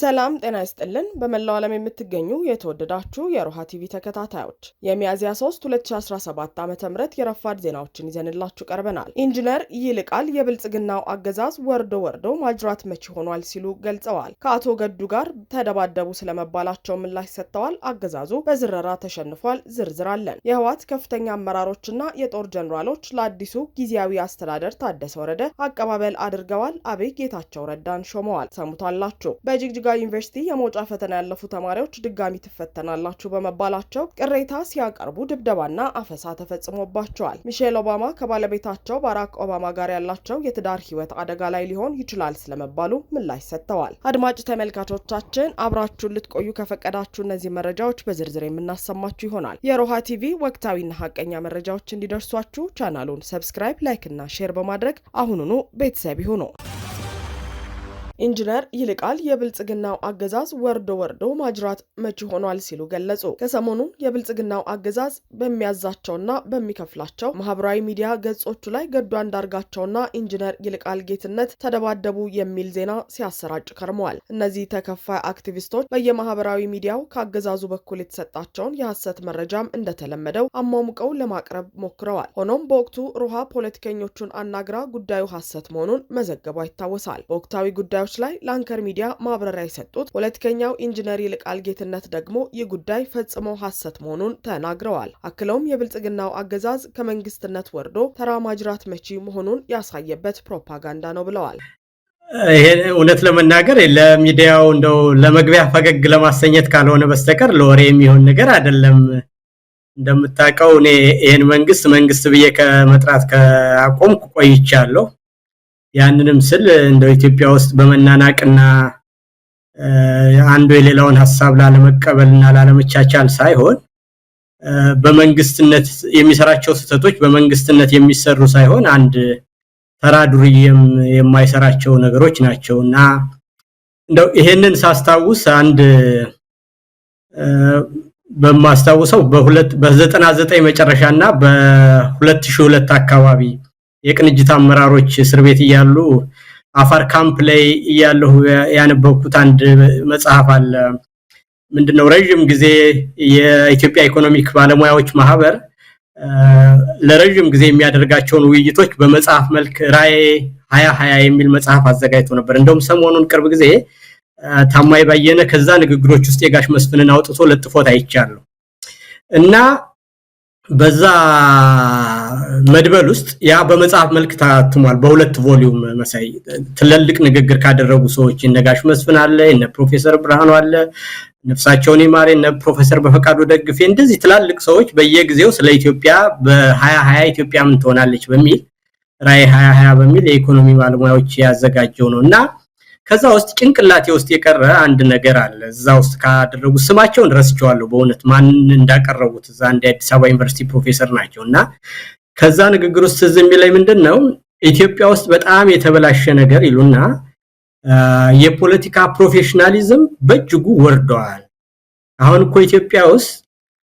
ሰላም ጤና ይስጥልን። በመላው ዓለም የምትገኙ የተወደዳችሁ የሮሃ ቲቪ ተከታታዮች የሚያዝያ 3 2017 ዓ ም የረፋድ ዜናዎችን ይዘንላችሁ ቀርበናል። ኢንጂነር ይልቃል የብልጽግናው አገዛዝ ወርዶ ወርዶ ማጅራት መቺ ሆኗል ሲሉ ገልጸዋል። ከአቶ ገዱ ጋር ተደባደቡ ስለመባላቸው ምላሽ ሰጥተዋል። አገዛዙ በዝረራ ተሸንፏል። ዝርዝር አለን። የህወሓት ከፍተኛ አመራሮችና የጦር ጀኔራሎች ለአዲሱ ጊዜያዊ አስተዳደር ታደሰ ወረደ አቀባበል አድርገዋል። አብይ ጌታቸው ረዳን ሾመዋል። ሰሙታላችሁ በጅግጅጋ ዩኒቨርሲቲ የመውጫ ፈተና ያለፉ ተማሪዎች ድጋሚ ትፈተናላችሁ በመባላቸው ቅሬታ ሲያቀርቡ ድብደባና አፈሳ ተፈጽሞባቸዋል። ሚሼል ኦባማ ከባለቤታቸው ባራክ ኦባማ ጋር ያላቸው የትዳር ሕይወት አደጋ ላይ ሊሆን ይችላል ስለመባሉ ምላሽ ሰጥተዋል። አድማጭ ተመልካቾቻችን አብራችሁን ልትቆዩ ከፈቀዳችሁ እነዚህ መረጃዎች በዝርዝር የምናሰማችሁ ይሆናል። የሮሃ ቲቪ ወቅታዊና ሀቀኛ መረጃዎች እንዲደርሷችሁ ቻናሉን ሰብስክራይብ፣ ላይክ ሼር በማድረግ አሁኑኑ ቤተሰብ ይሁኑ። ኢንጂነር ይልቃል የብልጽግናው አገዛዝ ወርዶ ወርዶ ማጅራት መቺ ሆኗል ሲሉ ገለጹ። ከሰሞኑ የብልጽግናው አገዛዝ በሚያዛቸውና በሚከፍላቸው ማህበራዊ ሚዲያ ገጾቹ ላይ ገዱ አንዳርጋቸውና ኢንጂነር ይልቃል ጌትነት ተደባደቡ የሚል ዜና ሲያሰራጭ ከርመዋል። እነዚህ ተከፋይ አክቲቪስቶች በየማህበራዊ ሚዲያው ከአገዛዙ በኩል የተሰጣቸውን የሐሰት መረጃም እንደተለመደው አሟሙቀው ለማቅረብ ሞክረዋል። ሆኖም በወቅቱ ሩሃ ፖለቲከኞቹን አናግራ ጉዳዩ ሐሰት መሆኑን መዘገቧ ይታወሳል። በወቅታዊ ጉዳዩ ጉዳዮች ላይ ለአንከር ሚዲያ ማብራሪያ የሰጡት ፖለቲከኛው ኢንጂነር ይልቃል ጌትነት ደግሞ ይህ ጉዳይ ፈጽሞ ሐሰት መሆኑን ተናግረዋል። አክለውም የብልጽግናው አገዛዝ ከመንግስትነት ወርዶ ተራ ማጅራት መቺ መሆኑን ያሳየበት ፕሮፓጋንዳ ነው ብለዋል። ይሄ እውነት ለመናገር ለሚዲያው እንደው ለመግቢያ ፈገግ ለማሰኘት ካልሆነ በስተቀር ለወሬ የሚሆን ነገር አይደለም። እንደምታውቀው እኔ ይህን መንግስት መንግስት ብዬ ከመጥራት ከአቆምኩ ቆይቻለሁ። ያንንም ስል እንደው ኢትዮጵያ ውስጥ በመናናቅና አንዱ የሌላውን ሀሳብ ላለመቀበልና ላለመቻቻል ሳይሆን በመንግስትነት የሚሰራቸው ስህተቶች በመንግስትነት የሚሰሩ ሳይሆን አንድ ተራ ዱርዬም የማይሰራቸው ነገሮች ናቸው እና እንደው ይሄንን ሳስታውስ አንድ በማስታውሰው በ በ99 መጨረሻ እና በ2002 አካባቢ የቅንጅት አመራሮች እስር ቤት እያሉ አፋር ካምፕ ላይ እያለሁ ያነበብኩት አንድ መጽሐፍ አለ። ምንድነው ረዥም ጊዜ የኢትዮጵያ ኢኮኖሚክ ባለሙያዎች ማህበር ለረዥም ጊዜ የሚያደርጋቸውን ውይይቶች በመጽሐፍ መልክ ራዕይ ሀያ ሀያ የሚል መጽሐፍ አዘጋጅቶ ነበር። እንደውም ሰሞኑን ቅርብ ጊዜ ታማኝ ባየነ ከዛ ንግግሮች ውስጥ የጋሽ መስፍንን አውጥቶ ለጥፎት አይቻለሁ እና በዛ መድበል ውስጥ ያ በመጽሐፍ መልክ ታትሟል። በሁለት ቮሊዩም መሳይ ትልልቅ ንግግር ካደረጉ ሰዎች ነጋሽ መስፍን አለ፣ እነ ፕሮፌሰር ብርሃኑ አለ፣ ነፍሳቸውን ይማር፣ እነ ፕሮፌሰር በፈቃዱ ደግፌ፣ እንደዚህ ትላልቅ ሰዎች በየጊዜው ስለ ኢትዮጵያ በሀያ ሀያ ኢትዮጵያ ምን ትሆናለች በሚል ራዕይ ሀያ ሀያ በሚል የኢኮኖሚ ባለሙያዎች ያዘጋጀው ነው እና ከዛ ውስጥ ጭንቅላቴ ውስጥ የቀረ አንድ ነገር አለ። እዛ ውስጥ ካደረጉት ስማቸውን ረስቸዋለሁ በእውነት ማን እንዳቀረቡት እዛ እንደ የአዲስ አበባ ዩኒቨርሲቲ ፕሮፌሰር ናቸው እና ከዛ ንግግር ውስጥ ትዝ የሚለኝ ምንድን ነው ኢትዮጵያ ውስጥ በጣም የተበላሸ ነገር ይሉና የፖለቲካ ፕሮፌሽናሊዝም በእጅጉ ወርደዋል። አሁን እኮ ኢትዮጵያ ውስጥ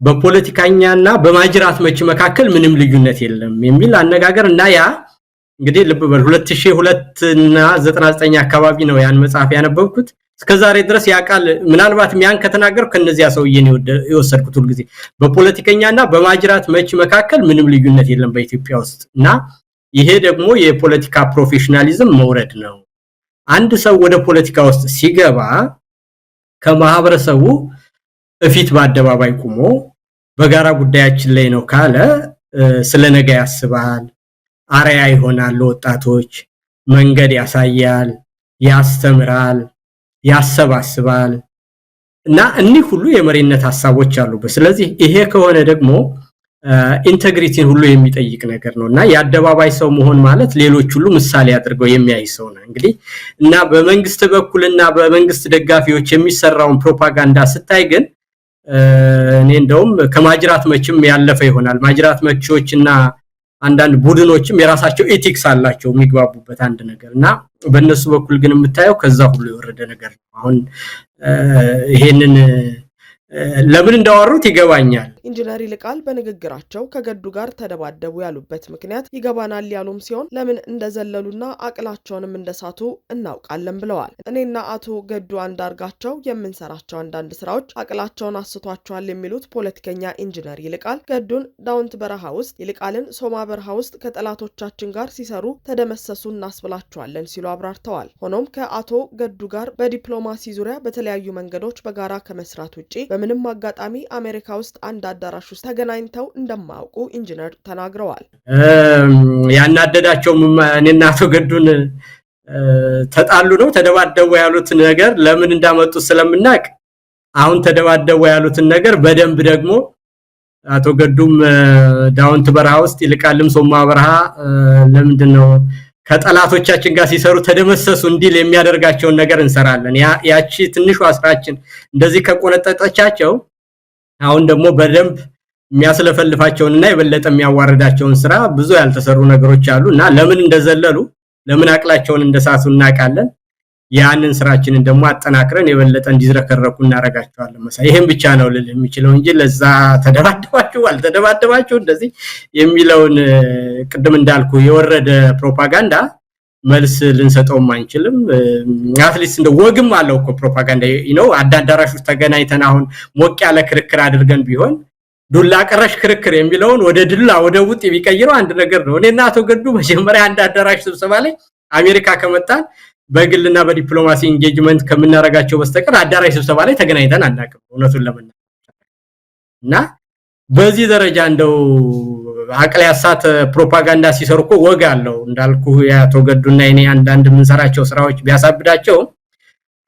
በፖለቲካኛና በማጅራት መች መካከል ምንም ልዩነት የለም የሚል አነጋገር እና ያ እንግዲህ ልብ በል 2002 እና 99 አካባቢ ነው ያን መጽሐፍ ያነበብኩት። እስከዛሬ ድረስ ያ ቃል ምናልባትም ያን ከተናገርኩ ከነዚያ ሰውዬን የወሰድኩት ሁልጊዜ በፖለቲከኛና በማጅራት መች መካከል ምንም ልዩነት የለም በኢትዮጵያ ውስጥ እና ይሄ ደግሞ የፖለቲካ ፕሮፌሽናሊዝም መውረድ ነው። አንድ ሰው ወደ ፖለቲካ ውስጥ ሲገባ ከማህበረሰቡ እፊት በአደባባይ ቆሞ በጋራ ጉዳያችን ላይ ነው ካለ ስለ ነገ ያስባል፣ አርያ ይሆናል፣ ለወጣቶች መንገድ ያሳያል፣ ያስተምራል ያሰባስባል እና እኒህ ሁሉ የመሪነት ሀሳቦች አሉበት። ስለዚህ ይሄ ከሆነ ደግሞ ኢንተግሪቲን ሁሉ የሚጠይቅ ነገር ነው እና የአደባባይ ሰው መሆን ማለት ሌሎች ሁሉ ምሳሌ አድርገው የሚያይ ሰው ነው እንግዲህ እና በመንግስት በኩልና በመንግስት ደጋፊዎች የሚሰራውን ፕሮፓጋንዳ ስታይ ግን እኔ እንደውም ከማጅራት መችም ያለፈ ይሆናል። ማጅራት መቾች እና አንዳንድ ቡድኖችም የራሳቸው ኤቲክስ አላቸው የሚግባቡበት አንድ ነገር እና በእነሱ በኩል ግን የምታየው ከዛ ሁሉ የወረደ ነገር ነው። አሁን ይሄንን ለምን እንዳወሩት ይገባኛል። ኢንጂነር ይልቃል በንግግራቸው ከገዱ ጋር ተደባደቡ ያሉበት ምክንያት ይገባናል ያሉም ሲሆን ለምን እንደዘለሉና አቅላቸውንም እንደሳቱ እናውቃለን ብለዋል። እኔና አቶ ገዱ አንዳርጋቸው የምንሰራቸው አንዳንድ ስራዎች አቅላቸውን አስቷቸዋል የሚሉት ፖለቲከኛ ኢንጂነር ይልቃል ገዱን ዳውንት በረሃ ውስጥ ይልቃልን ሶማ በረሃ ውስጥ ከጠላቶቻችን ጋር ሲሰሩ ተደመሰሱ እናስብላቸዋለን ሲሉ አብራርተዋል። ሆኖም ከአቶ ገዱ ጋር በዲፕሎማሲ ዙሪያ በተለያዩ መንገዶች በጋራ ከመስራት ውጭ በምንም አጋጣሚ አሜሪካ ውስጥ አንድ አዳራሽ ውስጥ ተገናኝተው እንደማያውቁ ኢንጂነር ተናግረዋል። ያናደዳቸው እኔና አቶ ገዱን ተጣሉ ነው ተደባደቡ ያሉት ነገር ለምን እንዳመጡት ስለምናቅ አሁን ተደባደቡ ያሉትን ነገር በደንብ ደግሞ አቶ ገዱም ዳውንት በረሃ ውስጥ ይልቃልም ሶማ በረሃ ለምንድን ነው ከጠላቶቻችን ጋር ሲሰሩ ተደመሰሱ እንዲል የሚያደርጋቸውን ነገር እንሰራለን። ያቺ ትንሿ ስራችን እንደዚህ ከቆነጠጠቻቸው አሁን ደግሞ በደንብ የሚያስለፈልፋቸውንና የበለጠ የሚያዋርዳቸውን ስራ ብዙ ያልተሰሩ ነገሮች አሉ እና ለምን እንደዘለሉ ለምን አቅላቸውን እንደሳቱ እናውቃለን። ያንን ስራችንን ደግሞ አጠናክረን የበለጠ እንዲዝረከረኩ እናረጋቸዋለን። መሳ ይህም ብቻ ነው ልል የሚችለው እንጂ ለዛ ተደባደባችሁ አልተደባደባችሁ እንደዚህ የሚለውን ቅድም እንዳልኩ የወረደ ፕሮፓጋንዳ መልስ ልንሰጠውም አንችልም። አትሊስት እንደ ወግም አለው እኮ ፕሮፓጋንዳ ነው። አዳዳራሽ ውስጥ ተገናኝተን አሁን ሞቅ ያለ ክርክር አድርገን ቢሆን ዱላ ቀረሽ ክርክር የሚለውን ወደ ድላ ወደ ውጥ የሚቀይረው አንድ ነገር ነው። እኔና አቶ ገዱ መጀመሪያ አንድ አዳራሽ ስብሰባ ላይ አሜሪካ ከመጣን በግልና በዲፕሎማሲ ኢንጌጅመንት ከምናደርጋቸው በስተቀር አዳራሽ ስብሰባ ላይ ተገናኝተን አናውቅም፣ እውነቱን ለመናገር እና በዚህ ደረጃ እንደው አቅል ያሳት ፕሮፓጋንዳ ሲሰሩ እኮ ወግ አለው እንዳልኩ የአቶ ገዱና የኔ አንዳንድ የምንሰራቸው ስራዎች ቢያሳብዳቸውም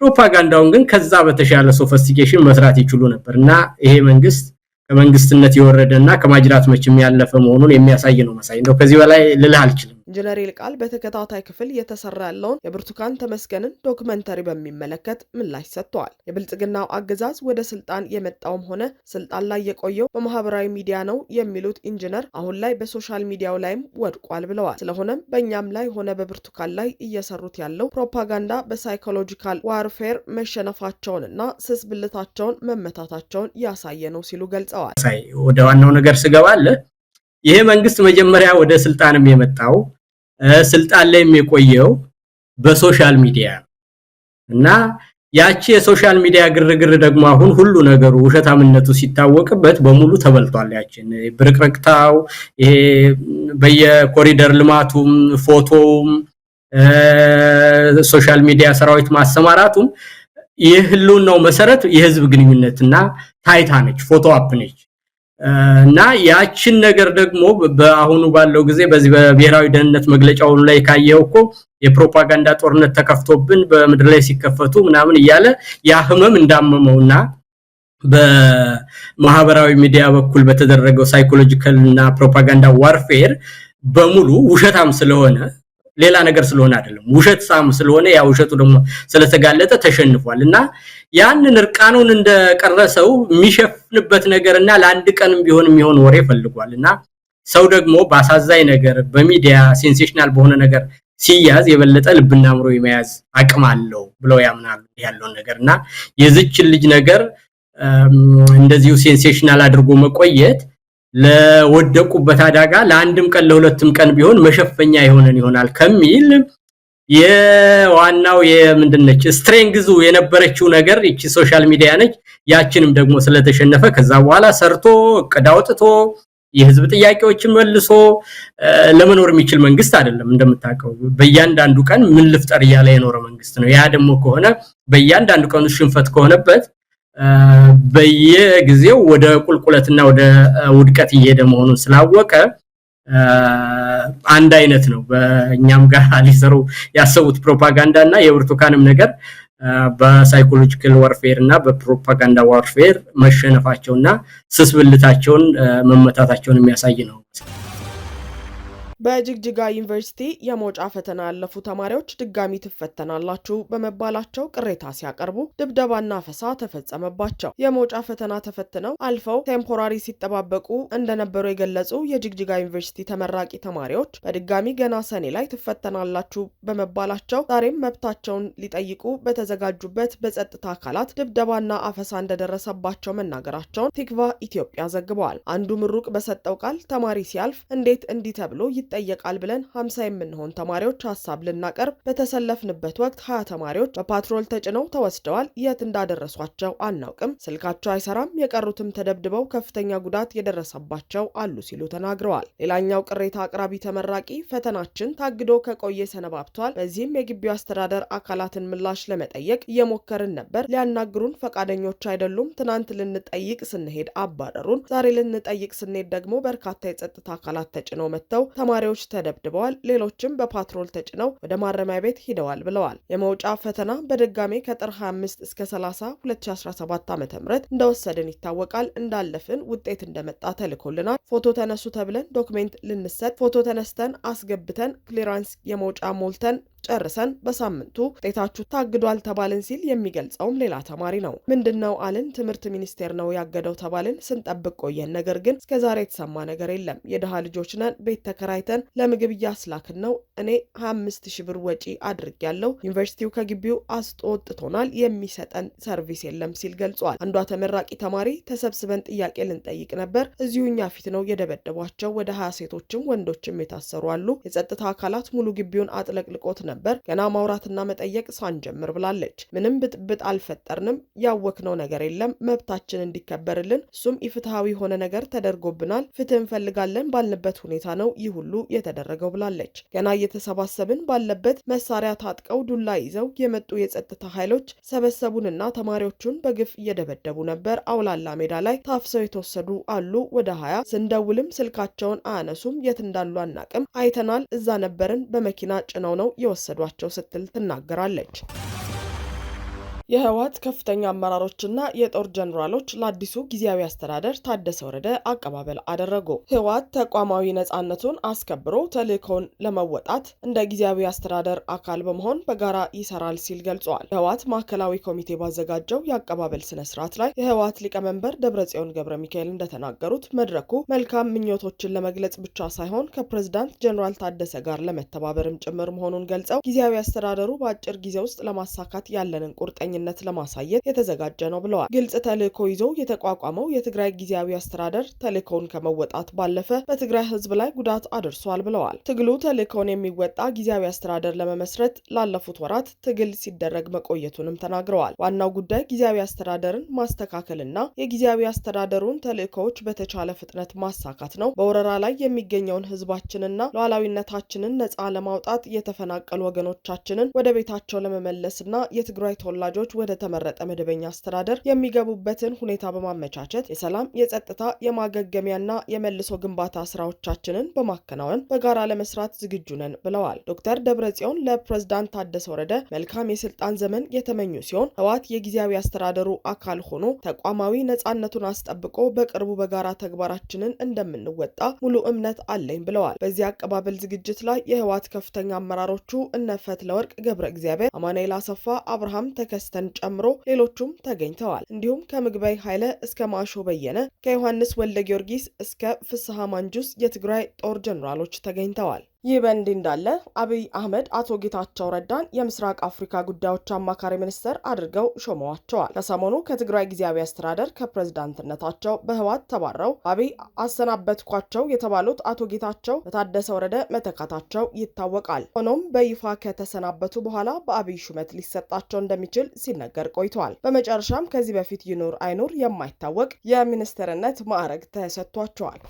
ፕሮፓጋንዳውን ግን ከዛ በተሻለ ሶፈስቲኬሽን መስራት ይችሉ ነበር እና ይሄ መንግስት ከመንግስትነት የወረደ እና ከማጅራት መችም ያለፈ መሆኑን የሚያሳይ ነው መሳይ። እንደው ከዚህ በላይ ልልህ አልችልም። ኢንጂነር ይልቃል በተከታታይ ክፍል እየተሰራ ያለውን የብርቱካን ተመስገንን ዶክመንተሪ በሚመለከት ምላሽ ሰጥተዋል። የብልጽግናው አገዛዝ ወደ ስልጣን የመጣውም ሆነ ስልጣን ላይ የቆየው በማህበራዊ ሚዲያ ነው የሚሉት ኢንጂነር አሁን ላይ በሶሻል ሚዲያው ላይም ወድቋል ብለዋል። ስለሆነም በእኛም ላይ ሆነ በብርቱካን ላይ እየሰሩት ያለው ፕሮፓጋንዳ በሳይኮሎጂካል ዋርፌር መሸነፋቸውንና ስስ ብልታቸውን መመታታቸውን ያሳየ ነው ሲሉ ገልጸዋል። ወደ ዋናው ነገር ስገባለ ይሄ መንግስት መጀመሪያ ወደ ስልጣንም የመጣው ስልጣን ላይ የሚቆየው በሶሻል ሚዲያ እና ያቺ የሶሻል ሚዲያ ግርግር ደግሞ አሁን ሁሉ ነገሩ ውሸታምነቱ ሲታወቅበት በሙሉ ተበልቷል። ያችን ብርቅርቅታው ይሄ በየኮሪደር ልማቱም ፎቶውም ሶሻል ሚዲያ ሰራዊት ማሰማራቱም የህልውናው መሰረት የህዝብ ግንኙነትና ታይታ ነች፣ ፎቶ አፕ ነች። እና ያችን ነገር ደግሞ በአሁኑ ባለው ጊዜ በዚህ በብሔራዊ ደህንነት መግለጫው ላይ ካየው እኮ የፕሮፓጋንዳ ጦርነት ተከፍቶብን በምድር ላይ ሲከፈቱ ምናምን እያለ ያ ህመም እንዳመመውና በማህበራዊ ሚዲያ በኩል በተደረገው ሳይኮሎጂካል እና ፕሮፓጋንዳ ዋርፌር በሙሉ ውሸታም ስለሆነ ሌላ ነገር ስለሆነ አይደለም። ውሸት ሳም ስለሆነ ያ ውሸቱ ደግሞ ስለተጋለጠ ተሸንፏል እና ያንን እርቃኑን እንደቀረሰው የሚሸፍንበት እና ለአንድ ቀንም ቢሆን የሚሆን ወሬ ፈልጓል እና ሰው ደግሞ በአሳዛኝ ነገር በሚዲያ ሴንሴሽናል በሆነ ነገር ሲያዝ የበለጠ ልብና ምሮ የመያዝ አቅም አለው ብለው ያምናሉ ያለውን ነገር እና የዝችን ልጅ ነገር እንደዚሁ ሴንሴሽናል አድርጎ መቆየት ለወደቁበት አደጋ ለአንድም ቀን ለሁለትም ቀን ቢሆን መሸፈኛ የሆነን ይሆናል ከሚል የዋናው የምንድነች ስትሬንግዙ የነበረችው ነገር ይቺ ሶሻል ሚዲያ ነች። ያችንም ደግሞ ስለተሸነፈ ከዛ በኋላ ሰርቶ እቅድ አውጥቶ የህዝብ ጥያቄዎችን መልሶ ለመኖር የሚችል መንግስት አይደለም። እንደምታውቀው በእያንዳንዱ ቀን ምን ልፍጠር እያለ የኖረ መንግስት ነው። ያ ደግሞ ከሆነ በእያንዳንዱ ቀን ሽንፈት ከሆነበት በየጊዜው ወደ ቁልቁለትና ወደ ውድቀት እየሄደ መሆኑን ስላወቀ አንድ አይነት ነው። በእኛም ጋር ሊሰሩ ያሰቡት ፕሮፓጋንዳ እና የብርቱካንም ነገር በሳይኮሎጂካል ዋርፌር እና በፕሮፓጋንዳ ዋርፌር መሸነፋቸውና ስስብልታቸውን መመታታቸውን የሚያሳይ ነው። በጅግጅጋ ዩኒቨርሲቲ የመውጫ ፈተና ያለፉ ተማሪዎች ድጋሚ ትፈተናላችሁ በመባላቸው ቅሬታ ሲያቀርቡ ድብደባና አፈሳ ተፈጸመባቸው። የመውጫ ፈተና ተፈትነው አልፈው ቴምፖራሪ ሲጠባበቁ እንደነበሩ የገለጹ የጅግጅጋ ዩኒቨርሲቲ ተመራቂ ተማሪዎች በድጋሚ ገና ሰኔ ላይ ትፈተናላችሁ በመባላቸው ዛሬም መብታቸውን ሊጠይቁ በተዘጋጁበት በጸጥታ አካላት ድብደባና አፈሳ እንደደረሰባቸው መናገራቸውን ቲክቫ ኢትዮጵያ ዘግበዋል። አንዱ ምሩቅ በሰጠው ቃል ተማሪ ሲያልፍ እንዴት እንዲህ ተብሎ ይጠየቃል ብለን ሀምሳ የምንሆን ተማሪዎች ሀሳብ ልናቀርብ በተሰለፍንበት ወቅት ሀያ ተማሪዎች በፓትሮል ተጭነው ተወስደዋል። የት እንዳደረሷቸው አናውቅም። ስልካቸው አይሰራም። የቀሩትም ተደብድበው ከፍተኛ ጉዳት የደረሰባቸው አሉ ሲሉ ተናግረዋል። ሌላኛው ቅሬታ አቅራቢ ተመራቂ ፈተናችን ታግዶ ከቆየ ሰነባብቷል። በዚህም የግቢው አስተዳደር አካላትን ምላሽ ለመጠየቅ እየሞከርን ነበር። ሊያናግሩን ፈቃደኞች አይደሉም። ትናንት ልንጠይቅ ስንሄድ አባረሩን። ዛሬ ልንጠይቅ ስንሄድ ደግሞ በርካታ የጸጥታ አካላት ተጭነው መጥተው ተማሪ ተማሪዎች ተደብድበዋል፣ ሌሎችም በፓትሮል ተጭነው ወደ ማረሚያ ቤት ሂደዋል ብለዋል። የመውጫ ፈተና በድጋሜ ከጥር 25 እስከ 30 2017 ዓ ም እንደወሰድን ይታወቃል። እንዳለፍን ውጤት እንደመጣ ተልኮልናል። ፎቶ ተነሱ ተብለን ዶክሜንት ልንሰጥ ፎቶ ተነስተን አስገብተን ክሊራንስ የመውጫ ሞልተን ጨርሰን በሳምንቱ ውጤታችሁ ታግዷል ተባልን ሲል የሚገልጸውም ሌላ ተማሪ ነው። ምንድን ነው አልን። ትምህርት ሚኒስቴር ነው ያገደው ተባልን። ስንጠብቅ ቆየን። ነገር ግን እስከዛሬ የተሰማ ነገር የለም። የድሃ ልጆች ነን። ቤት ተከራይተን ለምግብ እያስላክን ነው። እኔ ሀያ አምስት ሺህ ብር ወጪ አድርግ ያለው ዩኒቨርሲቲው ከግቢው አስወጥቶናል። የሚሰጠን ሰርቪስ የለም ሲል ገልጿል። አንዷ ተመራቂ ተማሪ ተሰብስበን ጥያቄ ልንጠይቅ ነበር። እዚሁኛ ፊት ነው የደበደቧቸው። ወደ ሀያ ሴቶችም ወንዶችም የታሰሩ አሉ። የጸጥታ አካላት ሙሉ ግቢውን አጥለቅልቆት ነበር ነበር ገና ማውራትና መጠየቅ ሳንጀምር ብላለች። ምንም ብጥብጥ አልፈጠርንም፣ ያወክነው ነገር የለም። መብታችን እንዲከበርልን እሱም ኢፍትሐዊ የሆነ ነገር ተደርጎብናል። ፍትህ እንፈልጋለን ባልንበት ሁኔታ ነው ይህ ሁሉ የተደረገው ብላለች። ገና እየተሰባሰብን ባለበት መሳሪያ ታጥቀው ዱላ ይዘው የመጡ የጸጥታ ኃይሎች ሰበሰቡንና ተማሪዎቹን በግፍ እየደበደቡ ነበር። አውላላ ሜዳ ላይ ታፍሰው የተወሰዱ አሉ ወደ ሀያ ስንደውልም ስልካቸውን አያነሱም። የት እንዳሉ አናቅም። አይተናል። እዛ ነበርን። በመኪና ጭነው ነው የወ ወሰዷቸው ስትል ትናገራለች። የህወሓት ከፍተኛ አመራሮችና የጦር ጀኔራሎች ለአዲሱ ጊዜያዊ አስተዳደር ታደሰ ወረደ አቀባበል አደረጉ። ህወሓት ተቋማዊ ነጻነቱን አስከብሮ ተልእኮውን ለመወጣት እንደ ጊዜያዊ አስተዳደር አካል በመሆን በጋራ ይሰራል ሲል ገልጿል። የህወሓት ማዕከላዊ ኮሚቴ ባዘጋጀው የአቀባበል ስነ ስርዓት ላይ የህወሓት ሊቀመንበር ደብረጽዮን ገብረ ሚካኤል እንደተናገሩት መድረኩ መልካም ምኞቶችን ለመግለጽ ብቻ ሳይሆን ከፕሬዝዳንት ጀኔራል ታደሰ ጋር ለመተባበርም ጭምር መሆኑን ገልጸው ጊዜያዊ አስተዳደሩ በአጭር ጊዜ ውስጥ ለማሳካት ያለንን ቁርጠኝ ቁርጠኝነት ለማሳየት የተዘጋጀ ነው ብለዋል። ግልጽ ተልዕኮ ይዞ የተቋቋመው የትግራይ ጊዜያዊ አስተዳደር ተልእኮውን ከመወጣት ባለፈ በትግራይ ሕዝብ ላይ ጉዳት አድርሷል ብለዋል። ትግሉ ተልእኮውን የሚወጣ ጊዜያዊ አስተዳደር ለመመስረት ላለፉት ወራት ትግል ሲደረግ መቆየቱንም ተናግረዋል። ዋናው ጉዳይ ጊዜያዊ አስተዳደርን ማስተካከልና የጊዜያዊ አስተዳደሩን ተልእኮዎች በተቻለ ፍጥነት ማሳካት ነው። በወረራ ላይ የሚገኘውን ሕዝባችንና ሉዓላዊነታችንን ነጻ ለማውጣት የተፈናቀሉ ወገኖቻችንን ወደ ቤታቸው ለመመለስና የትግራይ ተወላጆች ኃይሎች ወደ ተመረጠ መደበኛ አስተዳደር የሚገቡበትን ሁኔታ በማመቻቸት የሰላም፣ የጸጥታ፣ የማገገሚያና የመልሶ ግንባታ ስራዎቻችንን በማከናወን በጋራ ለመስራት ዝግጁ ነን ብለዋል። ዶክተር ደብረጽዮን ለፕሬዝዳንት ታደሰ ወረደ መልካም የስልጣን ዘመን የተመኙ ሲሆን ህወሓት የጊዜያዊ አስተዳደሩ አካል ሆኖ ተቋማዊ ነጻነቱን አስጠብቆ በቅርቡ በጋራ ተግባራችንን እንደምንወጣ ሙሉ እምነት አለኝ ብለዋል። በዚህ አቀባበል ዝግጅት ላይ የህወሓት ከፍተኛ አመራሮቹ እነ ፈትለወርቅ ገብረ እግዚአብሔር፣ አማኑኤል አሰፋ፣ አብርሃም ተከስተ ዋሽንግተን ጨምሮ ሌሎቹም ተገኝተዋል። እንዲሁም ከምግበይ ኃይለ እስከ ማሾ በየነ፣ ከዮሐንስ ወልደ ጊዮርጊስ እስከ ፍስሐ ማንጁስ የትግራይ ጦር ጀኔራሎች ተገኝተዋል። ይህ በእንዲህ እንዳለ አብይ አህመድ አቶ ጌታቸው ረዳን የምስራቅ አፍሪካ ጉዳዮች አማካሪ ሚኒስትር አድርገው ሾመዋቸዋል። ከሰሞኑ ከትግራይ ጊዜያዊ አስተዳደር ከፕሬዝዳንትነታቸው በህዋት ተባረው አብይ አሰናበትኳቸው የተባሉት አቶ ጌታቸው በታደሰ ወረደ መተካታቸው ይታወቃል። ሆኖም በይፋ ከተሰናበቱ በኋላ በአብይ ሹመት ሊሰጣቸው እንደሚችል ሲነገር ቆይተዋል። በመጨረሻም ከዚህ በፊት ይኑር አይኑር የማይታወቅ የሚኒስትርነት ማዕረግ ተሰጥቷቸዋል።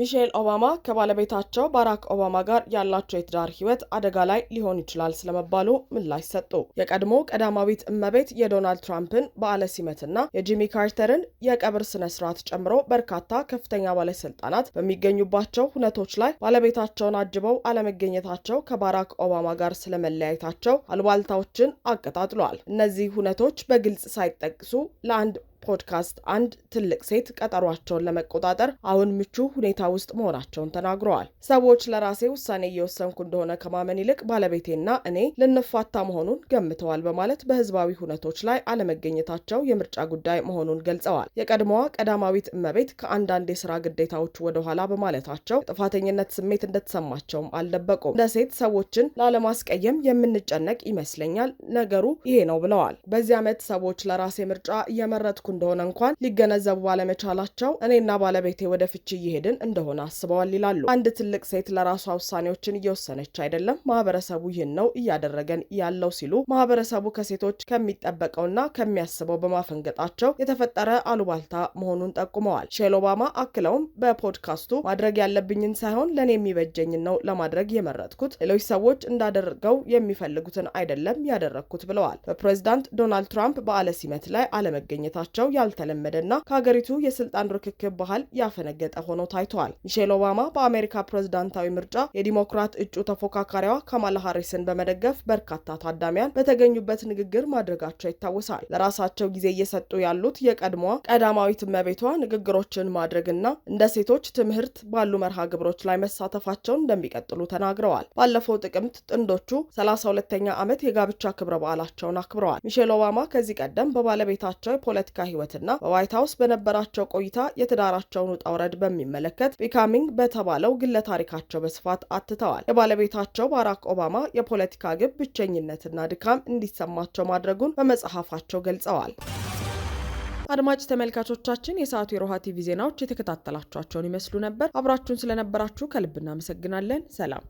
ሚሼል ኦባማ ከባለቤታቸው ባራክ ኦባማ ጋር ያላቸው የትዳር ህይወት አደጋ ላይ ሊሆን ይችላል ስለመባሉ ምላሽ ሰጡ። የቀድሞ ቀዳማዊት እመቤት የዶናልድ ትራምፕን በዓለ ሲመትና የጂሚ ካርተርን የቀብር ስነ ስርዓት ጨምሮ በርካታ ከፍተኛ ባለስልጣናት በሚገኙባቸው ሁነቶች ላይ ባለቤታቸውን አጅበው አለመገኘታቸው ከባራክ ኦባማ ጋር ስለመለያየታቸው አልባልታዎችን አቀጣጥሏል። እነዚህ ሁነቶች በግልጽ ሳይጠቅሱ ለአንድ ፖድካስት አንድ ትልቅ ሴት ቀጠሯቸውን ለመቆጣጠር አሁን ምቹ ሁኔታ ውስጥ መሆናቸውን ተናግረዋል። ሰዎች ለራሴ ውሳኔ እየወሰንኩ እንደሆነ ከማመን ይልቅ ባለቤቴና እኔ ልንፋታ መሆኑን ገምተዋል በማለት በህዝባዊ ሁነቶች ላይ አለመገኘታቸው የምርጫ ጉዳይ መሆኑን ገልጸዋል። የቀድሞዋ ቀዳማዊት እመቤት ከአንዳንድ የስራ ግዴታዎች ወደኋላ በማለታቸው ጥፋተኝነት ስሜት እንደተሰማቸውም አልደበቁም። እንደ ሴት ሰዎችን ላለማስቀየም የምንጨነቅ ይመስለኛል፣ ነገሩ ይሄ ነው ብለዋል። በዚህ ዓመት ሰዎች ለራሴ ምርጫ እየመረጥኩ እንደሆነ እንኳን ሊገነዘቡ ባለመቻላቸው እኔና ባለቤቴ ወደ ፍቺ እየሄድን እንደሆነ አስበዋል ይላሉ። አንድ ትልቅ ሴት ለራሷ ውሳኔዎችን እየወሰነች አይደለም፣ ማህበረሰቡ ይህን ነው እያደረገን ያለው ሲሉ ማህበረሰቡ ከሴቶች ከሚጠበቀውና ከሚያስበው በማፈንገጣቸው የተፈጠረ አሉባልታ መሆኑን ጠቁመዋል። ሼል ኦባማ አክለውም በፖድካስቱ ማድረግ ያለብኝን ሳይሆን ለእኔ የሚበጀኝን ነው ለማድረግ የመረጥኩት፣ ሌሎች ሰዎች እንዳደርገው የሚፈልጉትን አይደለም ያደረግኩት ብለዋል። በፕሬዚዳንት ዶናልድ ትራምፕ በዓለ ሲመት ላይ አለመገኘታቸው እርምጃው ያልተለመደና ከሀገሪቱ የስልጣን ርክክብ ባህል ያፈነገጠ ሆኖ ታይተዋል። ሚሼል ኦባማ በአሜሪካ ፕሬዝዳንታዊ ምርጫ የዲሞክራት እጩ ተፎካካሪዋ ካማላ ሀሪስን በመደገፍ በርካታ ታዳሚያን በተገኙበት ንግግር ማድረጋቸው ይታወሳል። ለራሳቸው ጊዜ እየሰጡ ያሉት የቀድሞዋ ቀዳማዊት እመቤቷ ንግግሮችን ማድረግና እንደ ሴቶች ትምህርት ባሉ መርሃ ግብሮች ላይ መሳተፋቸውን እንደሚቀጥሉ ተናግረዋል። ባለፈው ጥቅምት ጥንዶቹ 32ኛ ዓመት የጋብቻ ክብረ በዓላቸውን አክብረዋል። ሚሼል ኦባማ ከዚህ ቀደም በባለቤታቸው የፖለቲካ ህይወትና በዋይት ሀውስ በነበራቸው ቆይታ የትዳራቸውን ውጣ ውረድ በሚመለከት ቢካሚንግ በተባለው ግለ ታሪካቸው በስፋት አትተዋል። የባለቤታቸው ባራክ ኦባማ የፖለቲካ ግብ ብቸኝነትና ድካም እንዲሰማቸው ማድረጉን በመጽሐፋቸው ገልጸዋል። አድማጭ ተመልካቾቻችን የሰዓቱ የሮሃ ቲቪ ዜናዎች የተከታተላችኋቸውን ይመስሉ ነበር። አብራችሁን ስለነበራችሁ ከልብ እናመሰግናለን። ሰላም